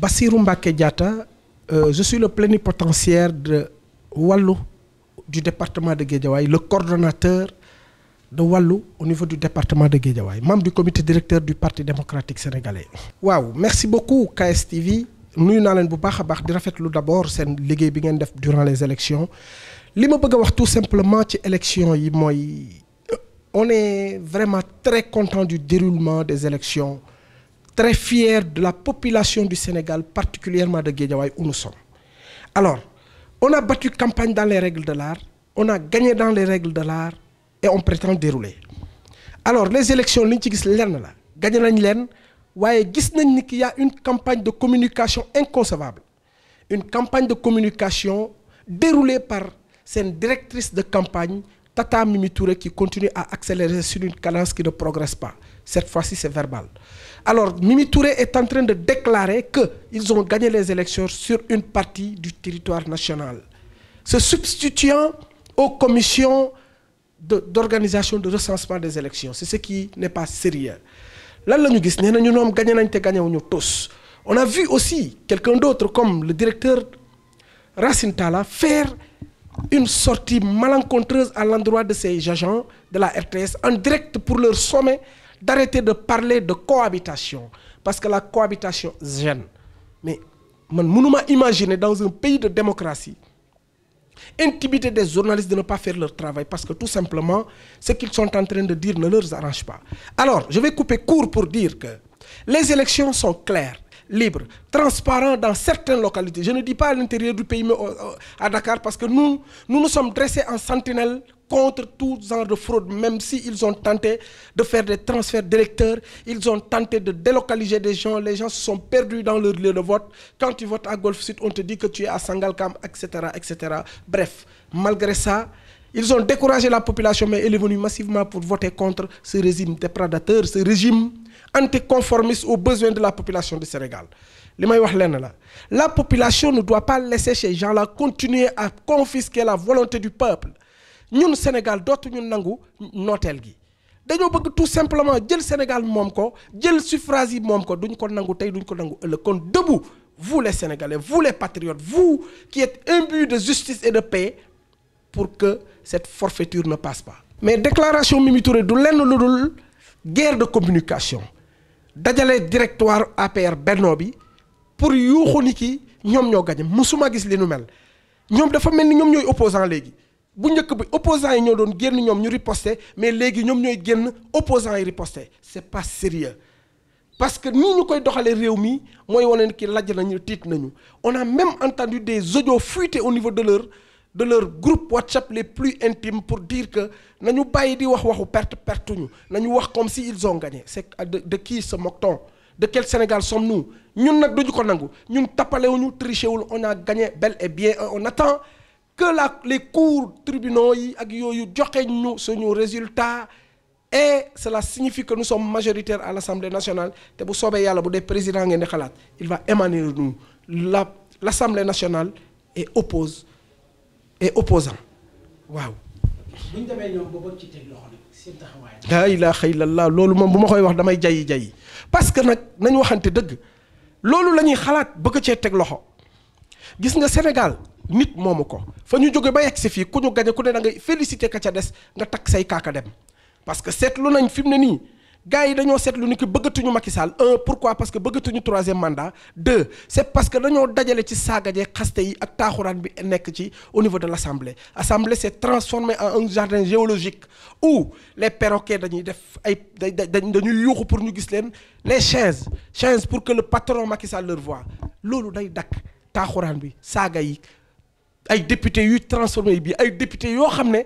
basiiru Mbacké Diatta euh, je pleni le plénipotentiaire de Wallu du département de Guédiawaye le coordonnateur de Wallu au niveau du département de Guédiawaye membre du comité directeur du Parti démocratique sénégalais. waaw merci beaucoup KSTV nuyu naa leen bu baax a baax di rafetlu d'abord seen liggéey bi ngeen def durant les élections li ma bëgg a wax tout simplement ci élections yi mooy euh, on est vraiment très content du déroulement des élections très fiers de la population du Sénégal, particulièrement de Guédiawaï où nous sommes. Alors, on a battu campagne dans les règles de l'art, on a gagné dans les règles de l'art et on prétend dérouler. Alors, les élections, nous avons gagné l'an, waaye gis nañ ni qu'il y une campagne de communication inconcevable une campagne de communication déroulée par seen directrice de campagne Tata Mimi Touré qui continue à accélérer sur une cadence qui ne progresse pas Cette fois-ci, c'est verbal. Alors, Mimi Touré est en train de déclarer qu'ils ont gagné les élections sur une partie du territoire national, se substituant aux commissions d'organisation de, de, recensement des élections. C'est ce qui n'est pas sérieux. Là, nous avons gagné, nous tous. On a vu aussi quelqu'un d'autre, comme le directeur Racine Tala, faire une sortie malencontreuse à l'endroit de ces agents de la RTS en direct pour leur sommet d'arrêter de parler de cohabitation parce que la cohabitation gêne mais man mënuma imaginer dans un pays de démocratie intimité des journalistes de ne pas faire leur travail parce que tout simplement ce qu'ils sont en train de dire ne leur arrange pas alors je vais couper court pour dire que les élections sont claires libres transparentes dans certaines localités je ne dis pas à l'intérieur du pays mais à Dakar parce que nous nous nous sommes dressés en sentinelle contre tout genre de fraude, même s'ils si ont tenté de faire des transferts d'électeurs, ils ont tenté de délocaliser des gens, les gens se sont perdus dans leur lieu de vote. Quand tu votes à Golf Sud, on te dit que tu es à Sangalkam, etc., etc. Bref, malgré ça, ils ont découragé la population, mais elle est venue massivement pour voter contre ce régime dépredateur, ce régime anticonformiste aux besoins de la population du Sénégal. li may wax lenn la la population ne doit pas laisser ces gens-là ñun Sénégal dootuñu nangu nooteel gi dañoo bëgg tout simplement jël Sénégal moom ko jël suffrage yi moom ko duñ ko nangu tey duñ ko nangu ëllëg kon debout vous les Sénégalais vous les patriotes vous qui êtes imbus de justice et de paix pour que cette forfaiture ne passe pas. mais déclaration Mimi Touré du lenn lu dul guerre de communication dajale directoire APR Benno bi pour yuuxu ni ki ñoom ñoo gañe mësuma gis li nu mel ñoom dafa mel ni ñoom ñooy opposant léegi. bu njëkk bi opposan yi ñoo doon génn ñoom ñu riposté mais léegi ñoom ñooy génn opposants yi riposté c'est pas sérieux parce que nii ñu koy doxalee réew mi mooy wane ni ki lajj nañu tiit nañu on a même entendu des audios fuités au niveau de leur de leur groupe WhatsApp les plus intimes pour dire que nañu bàyyi di wax waxu perte perte ñu wax comme si ils ont gagné c'est de qui se moque-t-on de quel Sénégal sommes ñun nag duñu ko nangu ñun tappalewuñu trichewul on a gagné bel et bien on attend que la les cours tribunaux yi ak yooyu joxe ñu suñu résultat et cela signifie que nous sommes majoritaires à l'Assemblée nationale te bu soobee yàlla bu dee président ngeen di xalaat il va émaner de la l'Assemblée nationale est oppose et opposant waaw. bu ñu demee ñoom ba laa ilaaha illallah loolu moom bu ma koy wax damay jayi jayi parce que nag nañu waxante dëgg loolu la ñuy xalaat bëgg cee teg loxo gis nga Sénégal. nit moomu ko fa ñu jóge ba yegg si fii ku ñu gañe ku ne da ngay félicité ka ca des nga takk say kaaka dem parce que seetlu nañ fi mu ne nii gars yi dañoo seetlu ni ki bëggatuñu Macky Sall un pourquoi parce que bëggatuñu troisième mandat deux c' est parce que dañoo dajale ci saagajee xaste yi ak taaxuraan bi nekk ci au niveau de l' assemblée assemblée s' est en un jardin géologique où les perroquets dañuy def ay dañuy yuuxu pour ñu gis leen les chaises chaises pour que le patron Macky Sall leur loolu day dakk taaxuraan bi saaga yi ay député yuy transformé bi ay député yoo xam ne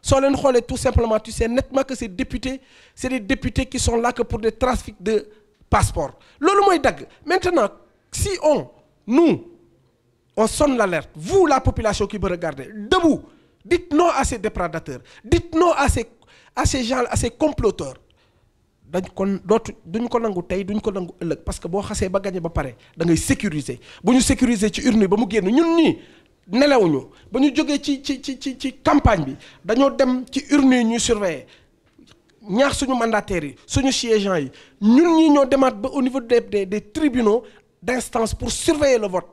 soo leen xoolee tout simplement tu sais nettement que ces députés c'est des députés qui sont là pour de trafics de passeport loolu mooy dagg maintenant si on nous on sonne l'alerte vous la population qui me regardez debout dites non à ces déprédateurs dites non à ces à ces gens à dañ kon dootu duñ ko nangu tey duñ ko nangu ëllëg parce que boo xasee ba gagné ba pare da ngay sécuriser bu ñu sécuriser ci urne ba mu génn ñun ñii nelawuñu ba ñu jógee ci ci ci ci ci campagne bi dañoo dem ci urne ñuy surveiller ñaax suñu mandataires yi suñu siégeants yi ñun ñi ñoo demaat ba au niveau des des des tribunaux d'instance pour surveiller le vote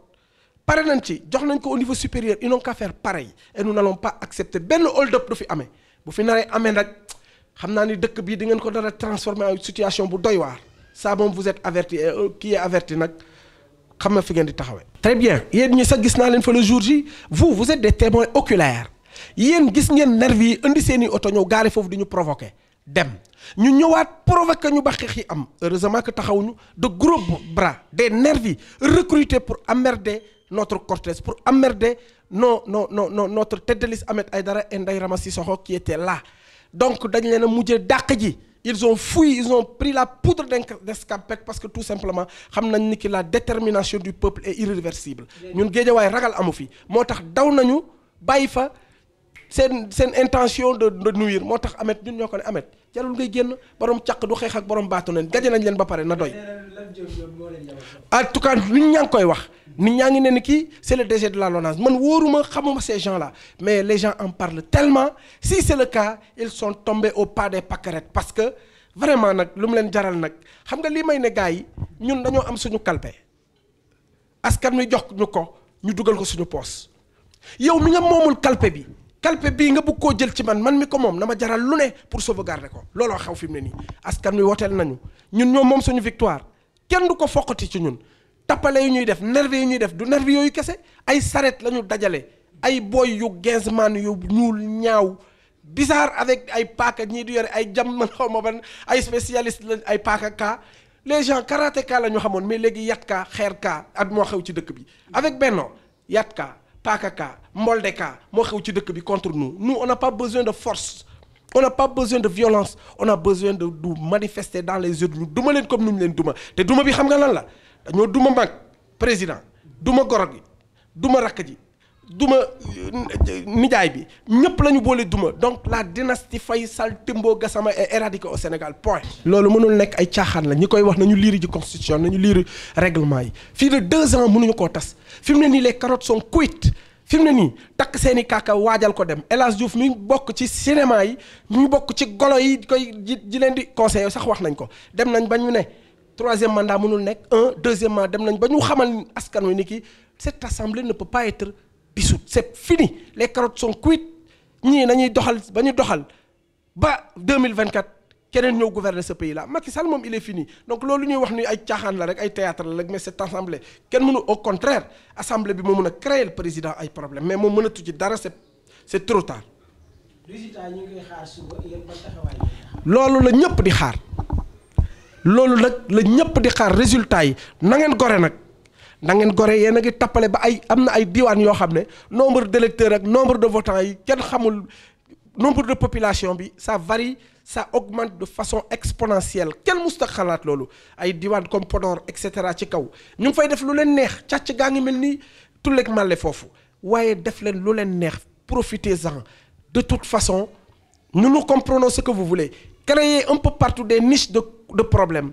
pare nañ ci jox nañ ko au niveau supérieur ils n'ont qu'à faire pareil et nous n'allons pas accepter benn hold-up du fi amee bu fi naree amee nag xam naa ni dëkk bii di ngeen ko dara transformer en situation bu doy waar ça moom vous êtes averti et euh, averti nag. xam na fi ngeen di taxawee. très bien yéen ñi sax gis naa leen fa le jour ji vous vous êtes des témoins oculaires yéen gis ngeen nervi yi indi seen i oto ñëw gaare foofu dañu provoque dem ñu ñëwaat provoqué ñu ba xeex yi am heureusement que taxawuñu de gros bras des nervis recrutés pour emmerder notre cortège pour emmerder non non non non notre tête de liste Ahmed Aïdara et Ndeye Ramassi Sokho la donc dañ leen a mujjee dàq ji. ils ont fouillé ils ont pris la poudre d'escampette parce que tout simplement xam na ni ki la détermination du peuple est irréversible ñun waay ragal amu fi moo tax daw nañu bàyyi fa seen seen intention de de nuire moo tax amet ñun ñoo ko ne amet jarul ngay génn borom càq du xeex ak borom baatu leen gaje nañ leen ba pare na doy. en tout cas nit ñaa ngi koy wax. nit ñaa ngi ne ni kii c' est le DG de la LONASE man wóoruma xamuma ces gens là mais les gens en parlent tellement si c' est le cas ils sont tombés au pas des pâquerettes parce que vraiment nag lu mu leen jaral nag xam nga li may ne gars yi ñun dañoo am suñu kalpe askan wi jox ñu ko ñu dugal ko suñu poos yow mi nga moomul kalpe bi. kalpe bii nga bëgg koo jël ci man man mi ko moom na ma jaral lu ne pour sauvegarder ko looloo xaw fi mu ne nii askan wi woteel nañu ñun ñoom moom suñu victoire kenn du ko foqati ci ñun tappale yu ñuy def nerve yu ñuy def du nerve yooyu kese ay saret la ñu dajale ay boy yu gainsman yu ñuul ñaaw bizarre avec ay paaka ñii di yore ay jam man xaw ma ba ay spécialiste la ay paaka kaa les gens karatéka la ñu xamoon mais léegi yat kaa xeer kaa at moo xew ci dëkk bi avec benno yat kaa Pakaka Mboldeka moo xew ci dëkk bi contre nous nous on n'a pas besoin de force on n'a pas besoin de violence on a besoin de du manifester dans les yeux ñu duma leen comme nu ñu leen duma te duma bi xam nga lan la dañoo duma mag président duma goro gi duma rakk ji. duma nijaay bi ñëpp la ñu boole duma donc la dynastie fay Sall Timbo Gassama est éradiquée au Sénégal point. loolu mënul nekk ay caaxaan la ñi koy wax nañu liir ji constitution nañu liir réglement yi fii de deux ans mënuñu koo tas fi mu ne nii les carottes sont cuites fi mu ne nii takk seeni kàkka waajal ko dem El Hadj Diouf mi bokk ci cinéma yi mi bokk ci golo yi koy ji leen di conseiller sax wax nañ ko dem nañ ba ñu ne. troisième mandat mënul nekk un deuxièmement dem nañ ba ñu xamal askan wi ni kii cette assemblée ne peut pas être. dissoute c'est fini les carottes sont cuites ñii nañuy ba ñu doxal ba 2024 keneen ñëw gouverner ce pays là Macky Sall moom il est fini donc loolu ñuy wax ni ay caaxaan la rek ay théâtre la rek mais kenn mënu au contraire assemblée bi moo mën a créer le président ay problème mais moom mënatu ci dara c'est c'est trop tard. résultat ñu ngi ñëpp di xaar loolu nag la ñëpp di xaar résultat yi na ngeen gore nag. da ngeen gore yéen a ngi tappale ba ay am na ay diwaan yoo xam ne nombre d'électeurs ak nombre de votants yi kenn xamul nombre de population bi ça varie ça augmente de façon exponentielle kenn musta xalaat loolu ay diwaan comme Podor et cetera ci kaw ñu ngi fay def lu leen neex càcc gaa ngi mel ni tulleeg màlle foofu waaye def leen lu leen neex profité en de toute façon nous nous comprenons ce que vous voulez créer un peu partout des niches de de problèmes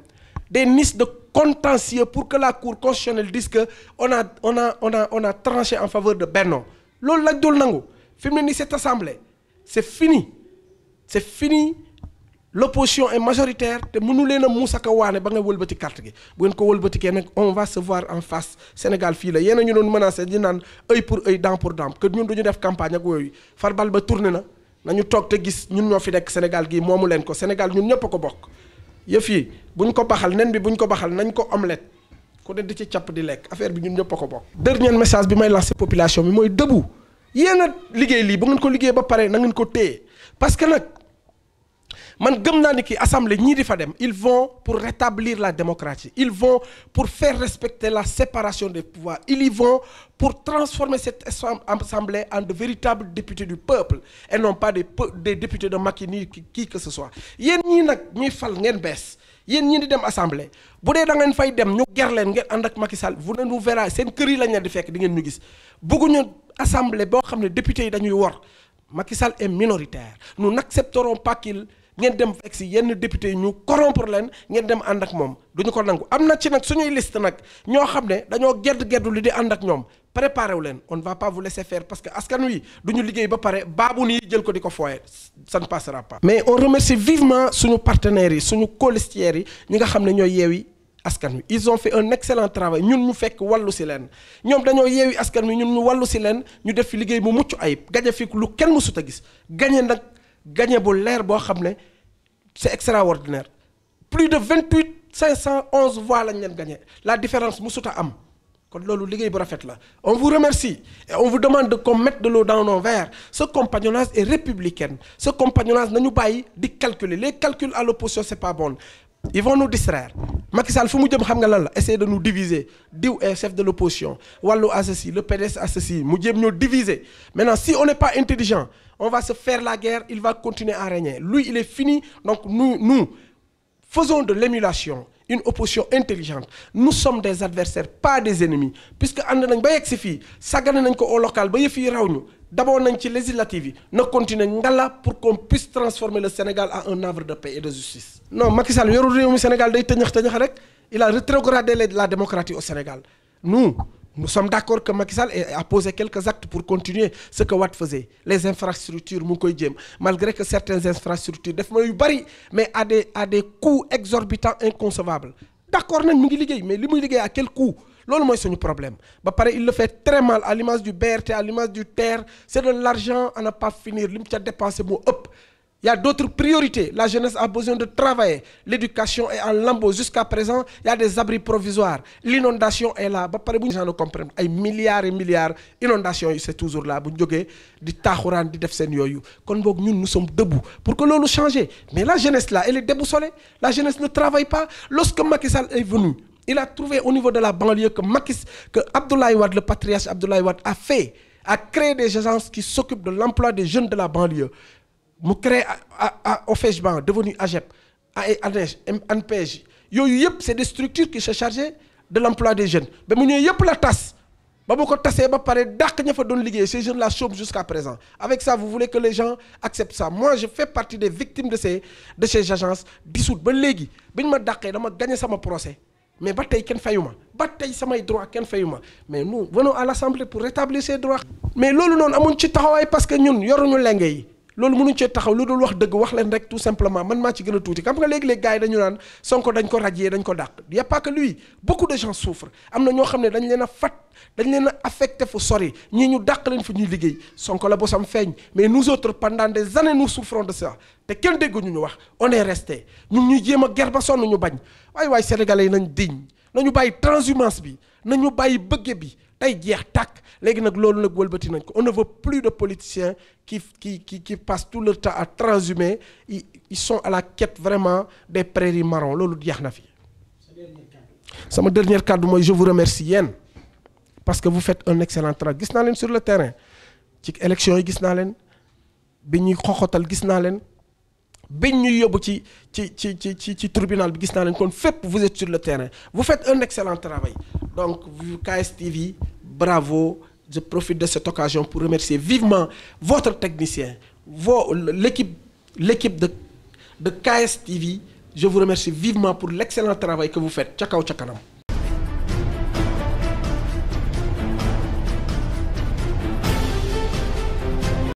des niches de contentieux pour que la cour constitutionnelle dise on a on a on a on a tranché en faveur de Benno loolu lañ dul nangu fi mu ne nii cette assemblée c'est fini c'est fini l'opposition est majoritaire te nu leen a muusaka waane ba nga wëlbati carte gi bu ngeen ko wëlbatikee nag on va se voir en face Sénégal fii la yéen ñu doon menacé di naan œil pour œil dent pour dent que ñun duñu def campagne ak yooyu farbal ba tourné na nañu toog te gis ñun ñoo fi nekk Sénégal gii moomu leen ko Sénégal ñun ñëpp ko bokk. yëf yi buñ ko baxal nen bi bu buñ ko baxal nañ ko omelette ku ne di ci capp di lekk affaire bi ñun ñëpp a ko bokk. dernier message bi may lancé population bi mooy debout yéen a liggéey lii bu ngeen ko liggéey ba pare na ngeen ko téye parce que nag. man gëm naa ni kii assemblée ñii di fa dem ils vont pour rétablir la démocratie ils vont pour faire respecter la séparation des pouvoirs ils y vont pour transformer cette assemblée en de véritables députés du peuple et non pas des peu des députés de Macky ni qui que ce soit yéen ñii nag ñuy fal ngeen bees yéen ñii di dem assemblée bu dee da ngeen fay dem ñu ger leen ngeen ànd ak Macky Sall vous ne nous verrez seen kër yi lañ leen di fekk di ngeen ñu gis bëgguñu assemblée boo xam ne députés yi dañuy wor Macky Sall est minoritaire nous n'accepterons pas qu'il ngeen dem fekk si yenn député ñu corrompre leen ngeen dem ànd ak moom duñu ko nangu am na ci nag suñuy liste nag ñoo xam ne dañoo gedd geddu li di ànd ak ñoom préparé wu leen on va pas vous laisser faire parce que askan wi duñu liggéey ba pare baabu nii jël ko di ko fooye ça ne passera pas. mais on remercie vivement suñu partenaires yi suñu colistières yi ñi nga xam ne ñooy yeewi askan wi ils ont fait un excellent travail ñun ñu fekk wàllu si leen ñoom dañoo yeewi askan wi ñun ñu wàllu si leen ñu def fi liggéey bu mucc ayib gaje lu kenn mësut a gis gañe nag. gagné bu leer boo xam ne c'est extraordinaire plus de vingt huit cinq cent onze voix lañ leen gagné la différence musuta am kon loolu liggéey bu rafet la on vous remercie et on vous demande de qu'on mette de l'eau dans nos verres ce compagnonnage est républicain ce compagnonnage nañu bàyyi di calculer les calculs à l'opposition c'est pas bon ils vont nous distraire Macky Sall fu mu jëm xam nga la la essayer de nu diviser diw est chef de l'opposition wàllu à ceci le PDS à mu jéem ñoo diviser maintenant si on pas intelligent on va se faire la guerre il va continuer à régner lui il est fini donc nous nous faisons de l'émulation une opposition intelligente nous sommes des adversaires pas des ennemis puisque ànd nañ ba yegg si fii sàggane nañ ko au local ba yëf yi raw ñu d'abord nañ ci législative yi na continuer ngala pour qu'on puisse transformer le Sénégal en un havre de paix et de justice non Macky Sall yorul réew mi Sénégal day tëñax tëñax rek il a rétrogradé la démocratie au Sénégal nous nous sommes d'accord que Macky a posé quelques actes pour continuer ce que Wade faisait les infrastructures mu ngi koy jéem malgré que certaines infrastructures def ma yu bari mais à des à des coûts exorbitants inconcevables d'accord nañ mu ngi liggéey mais li muy liggéey à quel coût loolu mooy suñu problème ba pare il le fait très mal à l'image du BRT à l'image du TER c'est de l'argent à ne pas finir li mu ca dépensé moo ëpp ya y a d'autres priorités. La jeunesse a besoin de travailler. L'éducation est en lambeaux. Jusqu'à présent, il a des abris provisoires. L'inondation est là. Ba pare bu ñu gens ne comprennent ay milliards et milliards inondation yi c'est toujours là bu ñu jógee di taaxuraan di def seen yooyu kon boog ñun nous sommes debout pour que loolu change mais la jeunesse là elle est déboussolée la jeunesse ne travaille pas lorsque Macky est venu il a trouvé au niveau de la banlieue que Macky que Abdoulaye Wade le patriarche Abdoulaye de l'emploi des jeunes de mu créé OFEJBAN devenu AGEP ANPEJ ANPEJ e yooyu yëpp c' est des structures qui se chargeaient de l' emploi des jeunes ba mu ñëwee yëpp la tas ba mu ko tasee ba pare dàq ña fa doon liggéey ces jeunes la chôment jusqu'à présent avec ça vous voulez que les gens acceptent ça moi je fais partie des victimes de ces de ces agences ba léegi bi ñu ma dàqee dama gagné sama procès mais ba tey kenn fayu ma ba tey samay droit kenn fayu ma mais nous venons à l' pour rétablir ces mais loolu noonu amuñ ci taxawaay parce que ñun yoruñu lenge loolu mënuñ cee taxaw lu dul wax dëgg wax leen rek tout simplement man maa ci gën a tuuti xam nga léegi-léegi gars yi dañu naan Sonko dañ ko rajee dañ ko dàq y a pas que lui beaucoup de gens souffrent am na ñoo xam ne dañ leen a fat dañ leen a affecté fu sori ñii ñu dàq leen fu ñuy liggéey Sonko la bosam feeñ mais nous autres pendant des années nous souffrons de ça te kenn dégguñu ñu wax on est resté ñun ñuy jéem a ger ba sonn ñu bañ waaye waaye sénégalais yi nañ diñ nañu bàyyi transhumance bi nañu bàyyi bëgge bi tey jeex tàkk léegi nag loolu nag wëlbati nañ ko on ne veut plus de politiciens qui qui ki qui passent tout le temps à transhumer ils sont à la quête vraiment des prairies marron loolu jeex na fi. sama dernier kàddu mooy je vous remercie yéen parce que vous faites un excellent travail gis naa leen sur le terrain ci élection yi gis naa leen bi ñuy xoxotal gis naa leen. biñ ñuy yóbbu ci ci ci ci ci tribunal bi gis naa leen kon fépp vous êtes sur le terrain vous faites un excellent travail donc KSTV bravo je profite de cette occasion pour remercier vivement votre technicien vos l'équipe l'équipe de de KSTV je vous remercie vivement pour l'excellent travail que vous faites ca kaw ca kanam